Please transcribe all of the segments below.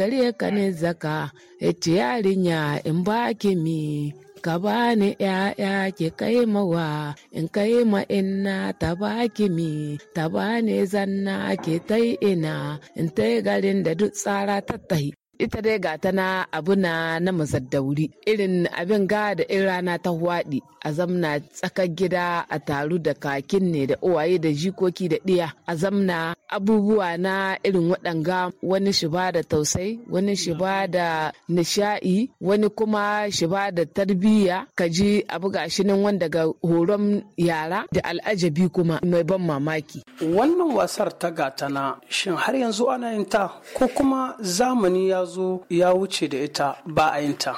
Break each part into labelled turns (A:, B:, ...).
A: gari ya kane zaka ita yarinya in ba ke mi ka bani ‘ya'ya ki kai mawa in kai ma inna ta ke mi ta zanna ke tai ina in tai garin da duk tsara ta ita dai ga ta na abu na na mazaddauri irin abin ga da in rana ta hwaɗi a zamna tsakar gida a taru da kakin ne da uwaye da jikoki da ɗiya a zamna abubuwa na irin waɗanga wani shi ba da tausai wani shi ba da nishaɗi wani kuma shi ba da tarbiyya ka ji abu ga nan wanda ga
B: horon yara da al'ajabi kuma
A: mai ban mamaki
B: wannan wasar ta gatana shin har yanzu ana yin ta ko kuma zamani ya zo ya wuce da ita ba a yin ta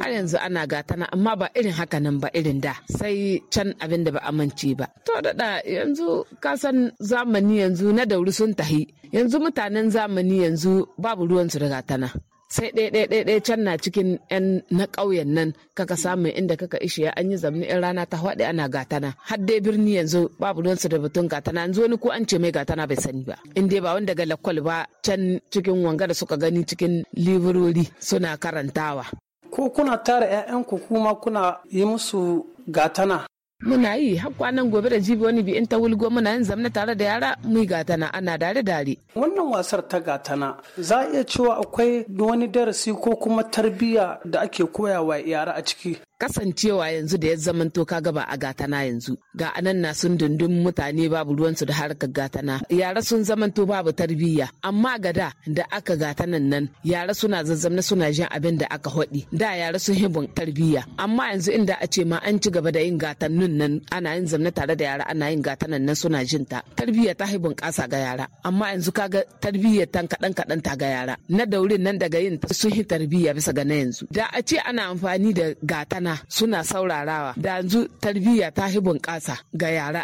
B: har yanzu ana gatana amma ba irin haka nan ba irin da sai
A: can abin da ba amince ba to da yanzu kasan zamani yanzu na dauri sun tahi yanzu mutanen zamani yanzu babu ruwan su da gatana
B: sai ɗaya
A: can na cikin 'yan na ƙauyen nan kaka samun inda kaka ishiya an yi zamni in rana ta haɗe ana gatana har dai birni yanzu babu ruwansu da batun gatana yanzu wani ko an ce mai gatana bai sani ba in dai ba wanda ga lakwal ba can cikin wanga da suka gani cikin liburori suna
B: karantawa ko kuna tara 'ya'yanku kuma kuna yi musu gatana
A: muna yi har kwanan gobe da jibi wani bi'in ta wulgo muna yin zamna tare da yara mu gatana ana
B: dare dare wannan wasar ta gatana za a iya cewa akwai wani darasi ko kuma tarbiyya da ake koyawa yara a ciki kasancewa yanzu da ya zamanto ka gaba
A: a gatana yanzu ga anan na sun dundun mutane babu ruwansu da harkar gatana yara sun to babu tarbiyya amma gada da aka gatanan nan yara suna zazzamna suna jin abin da aka hodi da yara sun hibin tarbiyya amma yanzu inda a ce ma an ci gaba da yin gatannin nan ana yin zamna tare da yara ana yin gatanan nan suna jin ta tarbiyya ta hibin kasa ga yara amma yanzu kaga tarbiyya tan kadan kadan ta ga yara na daurin nan daga yin sun hi tarbiyya bisa ga na yanzu da a ce ana amfani da gatana masana suna saurarawa da yanzu tarbiyya ta bunƙasa ga yara.